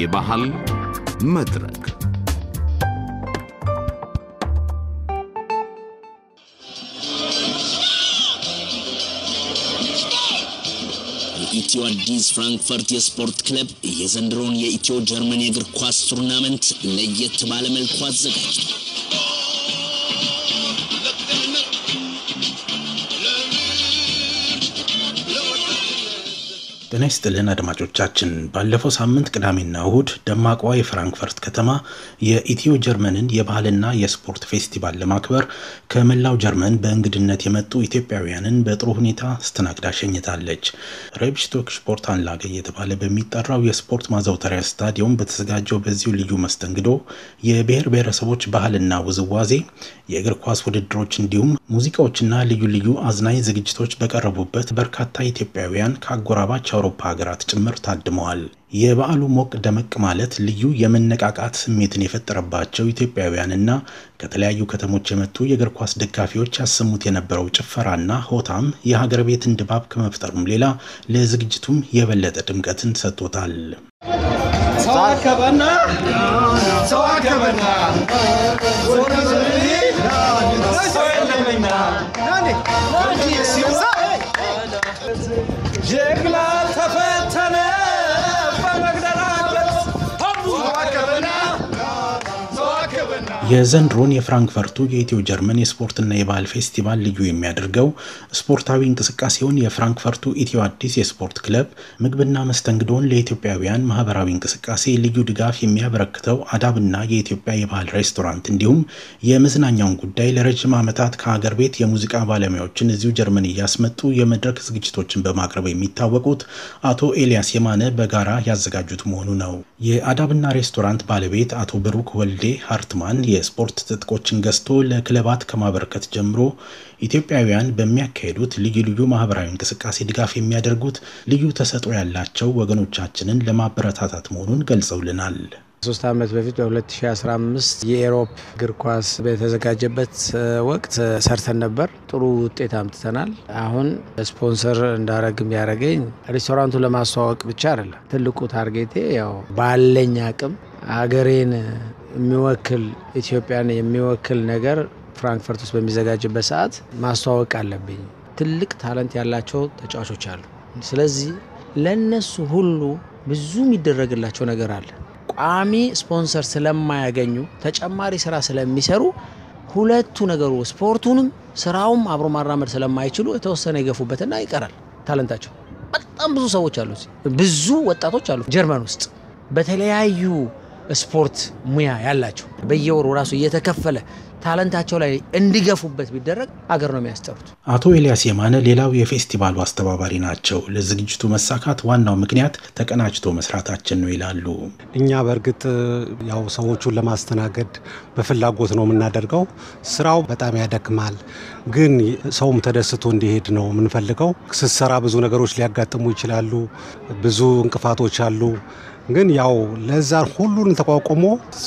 የባህል መድረክ የኢትዮ አዲስ ፍራንክፈርት የስፖርት ክለብ የዘንድሮውን የኢትዮ ጀርመን የእግር ኳስ ቱርናመንት ለየት ባለመልኩ አዘጋጅ አዘጋጅቷል። ጤና ይስጥልን አድማጮቻችን። ባለፈው ሳምንት ቅዳሜና እሁድ ደማቋ የፍራንክፈርት ከተማ የኢትዮ ጀርመንን የባህልና የስፖርት ፌስቲቫል ለማክበር ከመላው ጀርመን በእንግድነት የመጡ ኢትዮጵያውያንን በጥሩ ሁኔታ አስተናግዳ ሸኝታለች። ሬብሽቶክ ስፖርት አንላገ እየተባለ በሚጠራው የስፖርት ማዘውተሪያ ስታዲየም በተዘጋጀው በዚሁ ልዩ መስተንግዶ የብሔር ብሔረሰቦች ባህልና ውዝዋዜ፣ የእግር ኳስ ውድድሮች እንዲሁም ሙዚቃዎችና ልዩ ልዩ አዝናኝ ዝግጅቶች በቀረቡበት በርካታ ኢትዮጵያውያን ከአጎራባቸው ከአውሮፓ ሀገራት ጭምር ታድመዋል። የበዓሉ ሞቅ ደመቅ ማለት ልዩ የመነቃቃት ስሜትን የፈጠረባቸው ኢትዮጵያውያንና ከተለያዩ ከተሞች የመጡ የእግር ኳስ ደጋፊዎች ያሰሙት የነበረው ጭፈራና ሆታም የሀገር ቤትን ድባብ ከመፍጠሩም ሌላ ለዝግጅቱም የበለጠ ድምቀትን ሰጥቶታል። ሰው አከበና የዘንድሮን የፍራንክፈርቱ የኢትዮ ጀርመን የስፖርትና የባህል ፌስቲቫል ልዩ የሚያደርገው ስፖርታዊ እንቅስቃሴውን የፍራንክፈርቱ ኢትዮ አዲስ የስፖርት ክለብ ምግብና መስተንግዶን ለኢትዮጵያውያን ማህበራዊ እንቅስቃሴ ልዩ ድጋፍ የሚያበረክተው አዳብና የኢትዮጵያ የባህል ሬስቶራንት እንዲሁም የመዝናኛውን ጉዳይ ለረጅም ዓመታት ከሀገር ቤት የሙዚቃ ባለሙያዎችን እዚሁ ጀርመን እያስመጡ የመድረክ ዝግጅቶችን በማቅረብ የሚታወቁት አቶ ኤልያስ የማነ በጋራ ያዘጋጁት መሆኑ ነው። የአዳብና ሬስቶራንት ባለቤት አቶ ብሩክ ወልዴ የ የስፖርት ትጥቆችን ገዝቶ ለክለባት ከማበረከት ጀምሮ ኢትዮጵያውያን በሚያካሄዱት ልዩ ልዩ ማህበራዊ እንቅስቃሴ ድጋፍ የሚያደርጉት ልዩ ተሰጥኦ ያላቸው ወገኖቻችንን ለማበረታታት መሆኑን ገልጸውልናል። ሶስት ዓመት በፊት በ2015 የኤሮፕ እግር ኳስ በተዘጋጀበት ወቅት ሰርተን ነበር። ጥሩ ውጤት አምጥተናል። አሁን ስፖንሰር እንዳረግም ያደረገኝ ሬስቶራንቱ ለማስተዋወቅ ብቻ አይደለም። ትልቁ ታርጌቴ ያው ባለኝ አቅም አገሬን የሚወክል ኢትዮጵያን የሚወክል ነገር ፍራንክፈርት ውስጥ በሚዘጋጅበት ሰዓት ማስተዋወቅ አለብኝ። ትልቅ ታለንት ያላቸው ተጫዋቾች አሉ። ስለዚህ ለእነሱ ሁሉ ብዙ የሚደረግላቸው ነገር አለ። ቋሚ ስፖንሰር ስለማያገኙ ተጨማሪ ስራ ስለሚሰሩ ሁለቱ ነገሩ ስፖርቱንም ስራውም አብሮ ማራመድ ስለማይችሉ የተወሰነ ይገፉበትና ይቀራል ታለንታቸው። በጣም ብዙ ሰዎች አሉ፣ ብዙ ወጣቶች አሉ ጀርመን ውስጥ በተለያዩ ስፖርት ሙያ ያላቸው በየወሩ ራሱ እየተከፈለ ታለንታቸው ላይ እንዲገፉበት ቢደረግ አገር ነው የሚያስጠሩት። አቶ ኤልያስ የማነ ሌላው የፌስቲቫሉ አስተባባሪ ናቸው። ለዝግጅቱ መሳካት ዋናው ምክንያት ተቀናጅቶ መስራታችን ነው ይላሉ። እኛ በእርግጥ ያው ሰዎቹን ለማስተናገድ በፍላጎት ነው የምናደርገው። ስራው በጣም ያደክማል፣ ግን ሰውም ተደስቶ እንዲሄድ ነው የምንፈልገው። ስትሰራ ብዙ ነገሮች ሊያጋጥሙ ይችላሉ። ብዙ እንቅፋቶች አሉ። ግን ያው ለዛ ሁሉንም ተቋቁሞ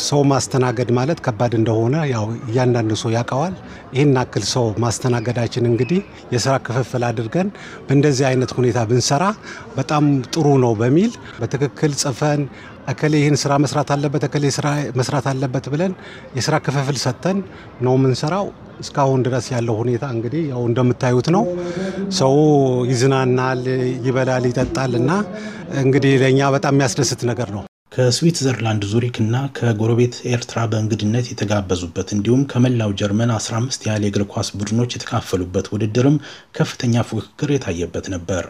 ሰው ማስተናገድ ማለት ከባድ እንደሆነ ያው እያንዳንዱ ሰው ያውቀዋል። ይህን አክል ሰው ማስተናገዳችን እንግዲህ የስራ ክፍፍል አድርገን በእንደዚህ አይነት ሁኔታ ብንሰራ በጣም ጥሩ ነው በሚል በትክክል ጽፈን እከሌ ይህን ስራ መስራት አለበት፣ እከሌ ስራ መስራት አለበት ብለን የስራ ክፍፍል ሰጥተን ነው የምንሰራው። እስካሁን ድረስ ያለው ሁኔታ እንግዲህ ያው እንደምታዩት ነው። ሰው ይዝናናል፣ ይበላል፣ ይጠጣል እና እንግዲህ ለእኛ በጣም የሚያስደስት ነገር ነው። ከስዊትዘርላንድ ዙሪክ እና ከጎረቤት ኤርትራ በእንግድነት የተጋበዙበት እንዲሁም ከመላው ጀርመን 15 ያህል የእግር ኳስ ቡድኖች የተካፈሉበት ውድድርም ከፍተኛ ፉክክር የታየበት ነበር።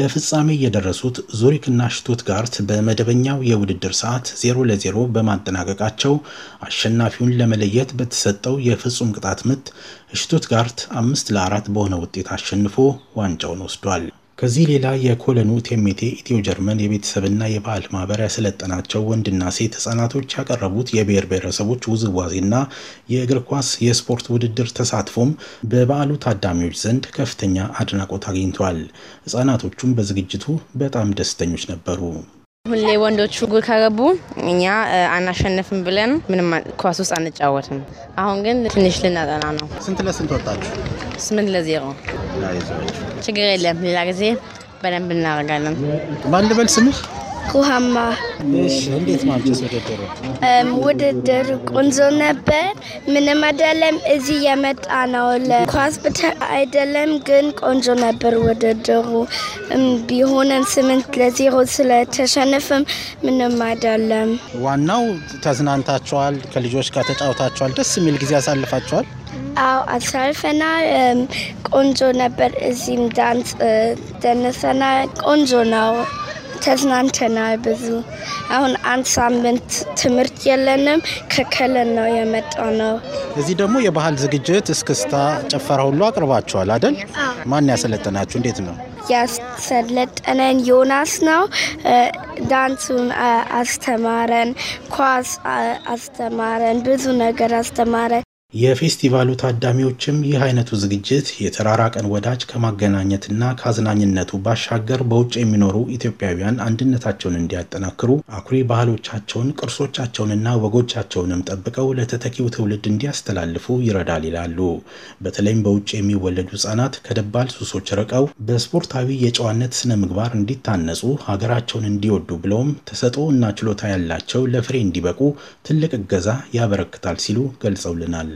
ለፍጻሜ የደረሱት ዙሪክ ሽቱትጋርት በመደበኛው የውድድር ሰዓት 0 ለ0 በማጠናቀቃቸው አሸናፊውን ለመለየት በተሰጠው የፍጹም ቅጣት ምት ሽቱትጋርት 5 ለ4 በሆነ ውጤት አሸንፎ ዋንጫውን ወስዷል። ከዚህ ሌላ የኮለኑ ቴሜቴ ኢትዮ ጀርመን የቤተሰብና የባህል ማህበር ያሰለጠናቸው ወንድና ሴት ህጻናቶች ያቀረቡት የብሔር ብሔረሰቦች ውዝዋዜና የእግር ኳስ የስፖርት ውድድር ተሳትፎም በበዓሉ ታዳሚዎች ዘንድ ከፍተኛ አድናቆት አግኝቷል። ህጻናቶቹም በዝግጅቱ በጣም ደስተኞች ነበሩ። ሁሌ ወንዶቹ ጎል ካገቡ እኛ አናሸንፍም ብለን ምንም ኳስ ውስጥ አንጫወትም። አሁን ግን ትንሽ ልናጠና ነው። ስንት ለስንት ወጣችሁ? ስምንት ለዜሮ። ችግር የለም ሌላ ጊዜ በደንብ እናደርጋለን። ማን ልበል ስምሽ? ውሃማ። እንዴት ውድድሩ? ውድድር ቆንጆ ነበር። ምንም አይደለም፣ እዚህ የመጣ ነው ለኳስ ብቻ አይደለም፣ ግን ቆንጆ ነበር ውድድሩ። ቢሆንም ስምንት ለዜሮ ስለተሸነፍም ምንም አይደለም። ዋናው ተዝናንታችኋል፣ ከልጆች ጋር ተጫውታችኋል፣ ደስ የሚል ጊዜ አሳልፋችኋል። አዎ አሳልፈና ቆንጆ ነበር። እዚህም ዳንስ ደነሰና ቆንጆ ነው። ተዝናንተናል ብዙ። አሁን አንድ ሳምንት ትምህርት የለንም። ከከለን ነው የመጣ ነው። እዚህ ደግሞ የባህል ዝግጅት እስክስታ፣ ጭፈራ ሁሉ አቅርባችኋል አደል? ማን ያሰለጠናችሁ? እንዴት ነው ያሰለጠነን? ዮናስ ነው። ዳንሱን አስተማረን፣ ኳስ አስተማረን፣ ብዙ ነገር አስተማረን። የፌስቲቫሉ ታዳሚዎችም ይህ አይነቱ ዝግጅት የተራራቀን ወዳጅ ከማገናኘትና ከአዝናኝነቱ ባሻገር በውጭ የሚኖሩ ኢትዮጵያውያን አንድነታቸውን እንዲያጠናክሩ አኩሪ ባህሎቻቸውን፣ ቅርሶቻቸውንና ወጎቻቸውንም ጠብቀው ለተተኪው ትውልድ እንዲያስተላልፉ ይረዳል ይላሉ። በተለይም በውጭ የሚወለዱ ህጻናት ከደባል ሱሶች ርቀው በስፖርታዊ የጨዋነት ስነ ምግባር እንዲታነጹ፣ ሀገራቸውን እንዲወዱ ብለውም ተሰጥኦ እና ችሎታ ያላቸው ለፍሬ እንዲበቁ ትልቅ እገዛ ያበረክታል ሲሉ ገልጸውልናል።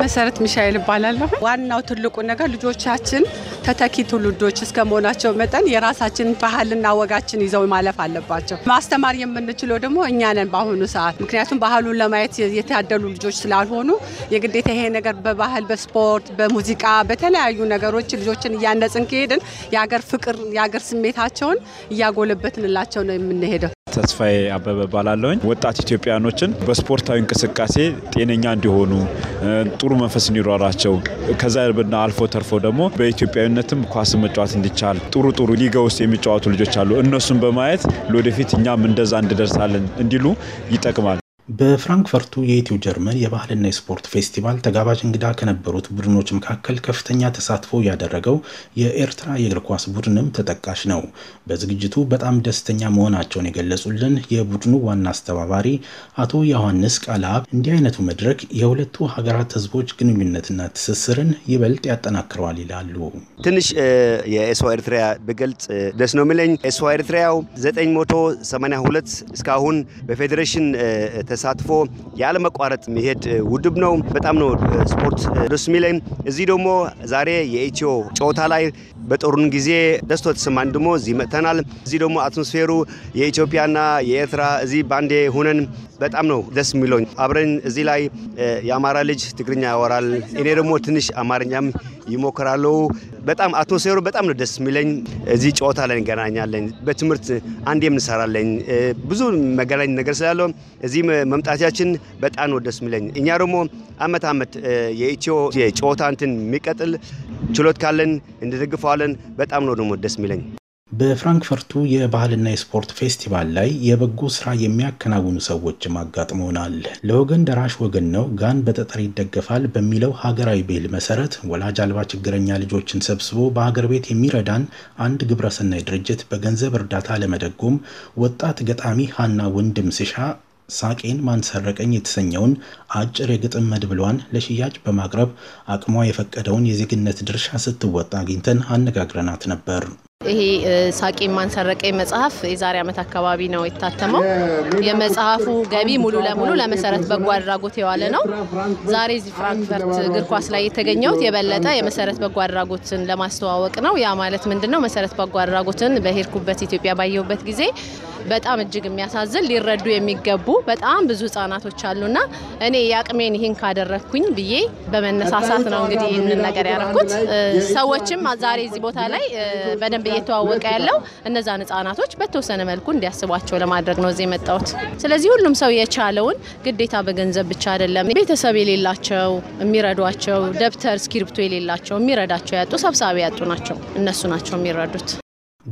መሰረት ሚሻኤል እባላለሁ። ዋናው ትልቁ ነገር ልጆቻችን ተተኪ ትውልዶች እስከ መሆናቸው መጠን የራሳችን ባህልና ወጋችን ይዘው ማለፍ አለባቸው። ማስተማር የምንችለው ደግሞ እኛ ነን በአሁኑ ሰዓት። ምክንያቱም ባህሉን ለማየት የታደሉ ልጆች ስላልሆኑ የግዴታ ይሄ ነገር በባህል በስፖርት፣ በሙዚቃ፣ በተለያዩ ነገሮች ልጆችን እያነጽን ከሄድን የሀገር ፍቅር የሀገር ስሜታቸውን እያጎለበትንላቸው ነው የምንሄደው። ተስፋዬ አበበ ባላለውኝ ወጣት ኢትዮጵያኖችን በስፖርታዊ እንቅስቃሴ ጤነኛ እንዲሆኑ ጥሩ መንፈስ እንዲሯራቸው ከዛ ብና አልፎ ተርፎ ደግሞ በኢትዮጵያዊነትም ኳስ መጫወት እንዲቻል ጥሩ ጥሩ ሊጋ ውስጥ የሚጫወቱ ልጆች አሉ። እነሱን በማየት ለወደፊት እኛም እንደዛ እንድደርሳለን እንዲሉ ይጠቅማል። በፍራንክፈርቱ የኢትዮ ጀርመን የባህልና የስፖርት ፌስቲቫል ተጋባዥ እንግዳ ከነበሩት ቡድኖች መካከል ከፍተኛ ተሳትፎ ያደረገው የኤርትራ የእግር ኳስ ቡድንም ተጠቃሽ ነው። በዝግጅቱ በጣም ደስተኛ መሆናቸውን የገለጹልን የቡድኑ ዋና አስተባባሪ አቶ ዮሐንስ ቃላብ እንዲህ አይነቱ መድረክ የሁለቱ ሀገራት ሕዝቦች ግንኙነትና ትስስርን ይበልጥ ያጠናክረዋል ይላሉ። ትንሽ የኤስዋ ኤርትራ ብገልጽ ደስ ነው የሚለኝ። ኤስዋ ኤርትራያው 982 እስካሁን በፌዴሬሽን ተሳትፎ ያለመቋረጥ መሄድ ውድብ ነው። በጣም ነው ስፖርት ደስ የሚለኝ። እዚህ ደግሞ ዛሬ የኢትዮ ጨዋታ ላይ በጦሩን ጊዜ ደስቶ ተሰማን ደግሞ እዚህ መጥተናል። እዚህ ደግሞ አትሞስፌሩ የኢትዮጵያና የኤርትራ እዚህ ባንዴ ሁነን በጣም ነው ደስ የሚለኝ። አብረን እዚህ ላይ የአማራ ልጅ ትግርኛ ያወራል፣ እኔ ደግሞ ትንሽ አማርኛም ይሞክራለሁ። በጣም አትሞስፌሩ በጣም ነው ደስ የሚለኝ። እዚህ ጨዋታ ላይ እንገናኛለን፣ በትምህርት አንዴ እንሰራለኝ ብዙ መገናኝ ነገር ስላለው እዚህ መምጣታችን በጣም ነው ደስ የሚለኝ። እኛ ደግሞ አመት አመት የኢትዮ ጨዋታ እንትን የሚቀጥል ችሎት ካለን እንደደግፈዋለን። በጣም ነው ደግሞ ደስ የሚለኝ። በፍራንክፈርቱ የባህልና የስፖርት ፌስቲቫል ላይ የበጎ ስራ የሚያከናውኑ ሰዎችም አጋጥመውናል። ለወገን ደራሽ ወገን ነው ጋን በጠጠር ይደገፋል በሚለው ሀገራዊ ብሂል መሰረት ወላጅ አልባ ችግረኛ ልጆችን ሰብስቦ በሀገር ቤት የሚረዳን አንድ ግብረሰናይ ድርጅት በገንዘብ እርዳታ ለመደጎም ወጣት ገጣሚ ሀና ወንድም ስሻ ሳቄን ማንሰረቀኝ የተሰኘውን አጭር የግጥም መድብሏን ለሽያጭ በማቅረብ አቅሟ የፈቀደውን የዜግነት ድርሻ ስትወጣ አግኝተን አነጋግረናት ነበር። ይሄ ሳቄ ማንሰረቀ መጽሐፍ የዛሬ ዓመት አካባቢ ነው የታተመው። የመጽሐፉ ገቢ ሙሉ ለሙሉ ለመሰረት በጎ አድራጎት የዋለ ነው። ዛሬ እዚህ ፍራንክፈርት እግር ኳስ ላይ የተገኘሁት የበለጠ የመሰረት በጎ አድራጎትን ለማስተዋወቅ ነው። ያ ማለት ምንድን ነው? መሰረት በጎ አድራጎትን በሄድኩበት ኢትዮጵያ ባየሁበት ጊዜ በጣም እጅግ የሚያሳዝን ሊረዱ የሚገቡ በጣም ብዙ ህጻናቶች አሉና እኔ የአቅሜን ይህን ካደረግኩኝ ብዬ በመነሳሳት ነው እንግዲህ ይህንን ነገር ያደረኩት። ሰዎችም ዛሬ እዚህ ቦታ ላይ በደንብ እየተዋወቀ ያለው እነዛን ህጻናቶች በተወሰነ መልኩ እንዲያስቧቸው ለማድረግ ነው እዚህ የመጣሁት። ስለዚህ ሁሉም ሰው የቻለውን ግዴታ በገንዘብ ብቻ አይደለም። ቤተሰብ የሌላቸው የሚረዷቸው፣ ደብተር እስክሪብቶ የሌላቸው የሚረዳቸው ያጡ፣ ሰብሳቢ ያጡ ናቸው እነሱ ናቸው የሚረዱት።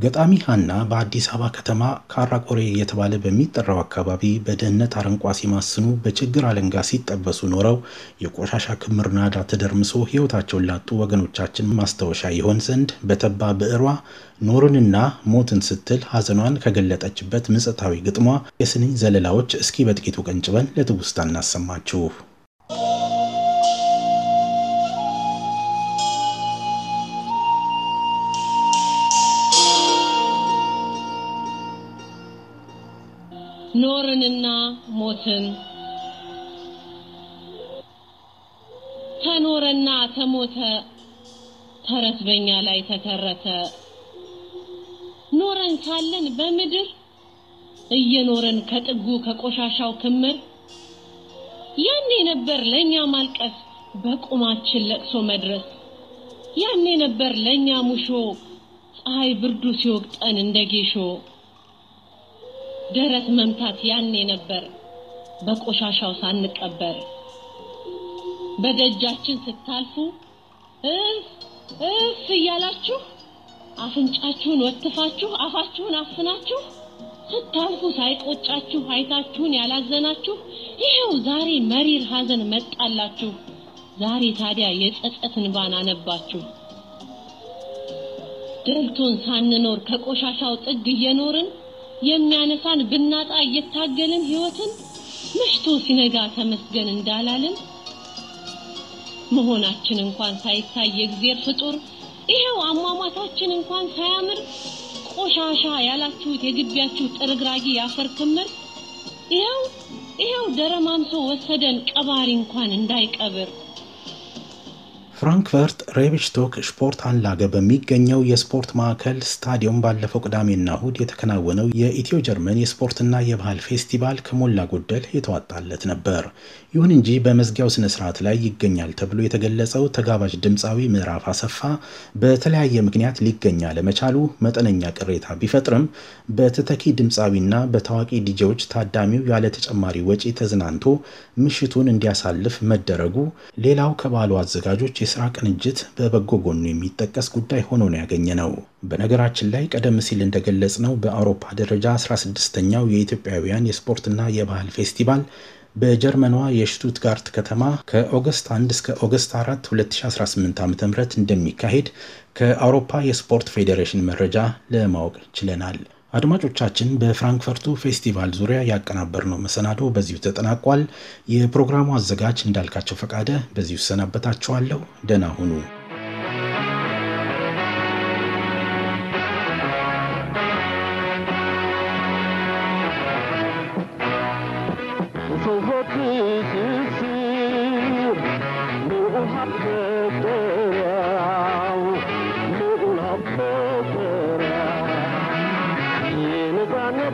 ገጣሚ ሀና በአዲስ አበባ ከተማ ካራቆሬ እየተባለ በሚጠራው አካባቢ በደህንነት አረንቋ ሲማስኑ በችግር አለንጋ ሲጠበሱ ኖረው የቆሻሻ ክምር ናዳ ተደርምሶ ሕይወታቸውን ላጡ ወገኖቻችን ማስታወሻ ይሆን ዘንድ በተባ ብዕሯ ኖርንና ሞትን ስትል ሀዘኗን ከገለጠችበት ምጽታዊ ግጥሟ የስንኝ ዘለላዎች እስኪ በጥቂቱ ቀንጭበን ለትውስታ እናሰማችሁ። ሞትን ተኖረና ተሞተ ተረት በኛ ላይ ተተረተ። ኖረን ካለን በምድር እየኖረን ከጥጉ ከቆሻሻው ክምር ያኔ ነበር ለኛ ማልቀስ በቁማችን ለቅሶ መድረስ ያኔ ነበር ለኛ ሙሾ ፀሐይ ብርዱ ሲወቅጠን እንደ ጌሾ ደረት መምታት ያኔ ነበር በቆሻሻው ሳንቀበር። በደጃችን ስታልፉ እፍ እፍ እያላችሁ አፍንጫችሁን ወትፋችሁ አፋችሁን አፍናችሁ ስታልፉ ሳይቆጫችሁ አይታችሁን ያላዘናችሁ ይኸው ዛሬ መሪር ሀዘን መጣላችሁ። ዛሬ ታዲያ የጸጸት እንባን አነባችሁ። ደልቶን ሳንኖር ከቆሻሻው ጥግ እየኖርን የሚያነሳን ብናጣ እየታገልን ህይወትን መሽቶ ሲነጋ ተመስገን እንዳላልን መሆናችን እንኳን ሳይታይ የእግዜር ፍጡር ይሄው አሟሟታችን እንኳን ሳያምር ቆሻሻ ያላችሁት የግቢያችሁ ጥርግራጊ ያፈር ክምር ይኸው ይኸው ደረማምሶ ወሰደን ቀባሪ እንኳን እንዳይቀብር ፍራንክፈርት ሬቢሽቶክ ስፖርት አንላገ በሚገኘው የስፖርት ማዕከል ስታዲየም ባለፈው ቅዳሜና እሁድ የተከናወነው የኢትዮ ጀርመን የስፖርትና የባህል ፌስቲቫል ከሞላ ጎደል የተዋጣለት ነበር። ይሁን እንጂ በመዝጊያው ስነ ስርዓት ላይ ይገኛል ተብሎ የተገለጸው ተጋባዥ ድምፃዊ ምዕራፍ አሰፋ በተለያየ ምክንያት ሊገኝ አለመቻሉ መጠነኛ ቅሬታ ቢፈጥርም በተተኪ ድምፃዊና በታዋቂ ዲጄዎች ታዳሚው ያለ ተጨማሪ ወጪ ተዝናንቶ ምሽቱን እንዲያሳልፍ መደረጉ ሌላው ከባሉ አዘጋጆች የስራ ቅንጅት በበጎ ጎኑ የሚጠቀስ ጉዳይ ሆኖ ነው ያገኘ ነው። በነገራችን ላይ ቀደም ሲል እንደገለጽ ነው በአውሮፓ ደረጃ 16ኛው የኢትዮጵያውያን የስፖርትና የባህል ፌስቲቫል በጀርመኗ የሽቱትጋርት ከተማ ከኦገስት 1 እስከ ኦገስት 4 2018 ዓ ም እንደሚካሄድ ከአውሮፓ የስፖርት ፌዴሬሽን መረጃ ለማወቅ ችለናል። አድማጮቻችን በፍራንክፈርቱ ፌስቲቫል ዙሪያ ያቀናበርነው መሰናዶ በዚሁ ተጠናቋል። የፕሮግራሙ አዘጋጅ እንዳልካቸው ፈቃደ በዚሁ እሰናበታችኋለሁ። ደህና ሁኑ። ne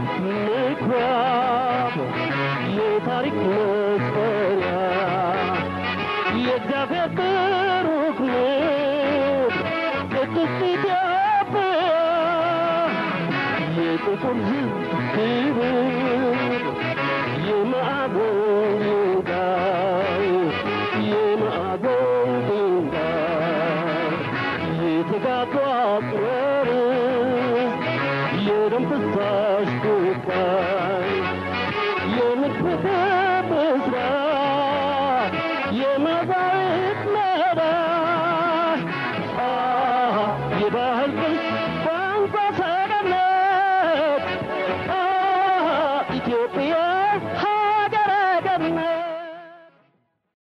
plecă E taric ne sperea E de avea pe rugle Că tu știi de avea E te conzit pe E mă adun E mă adun E te ca toată The stars.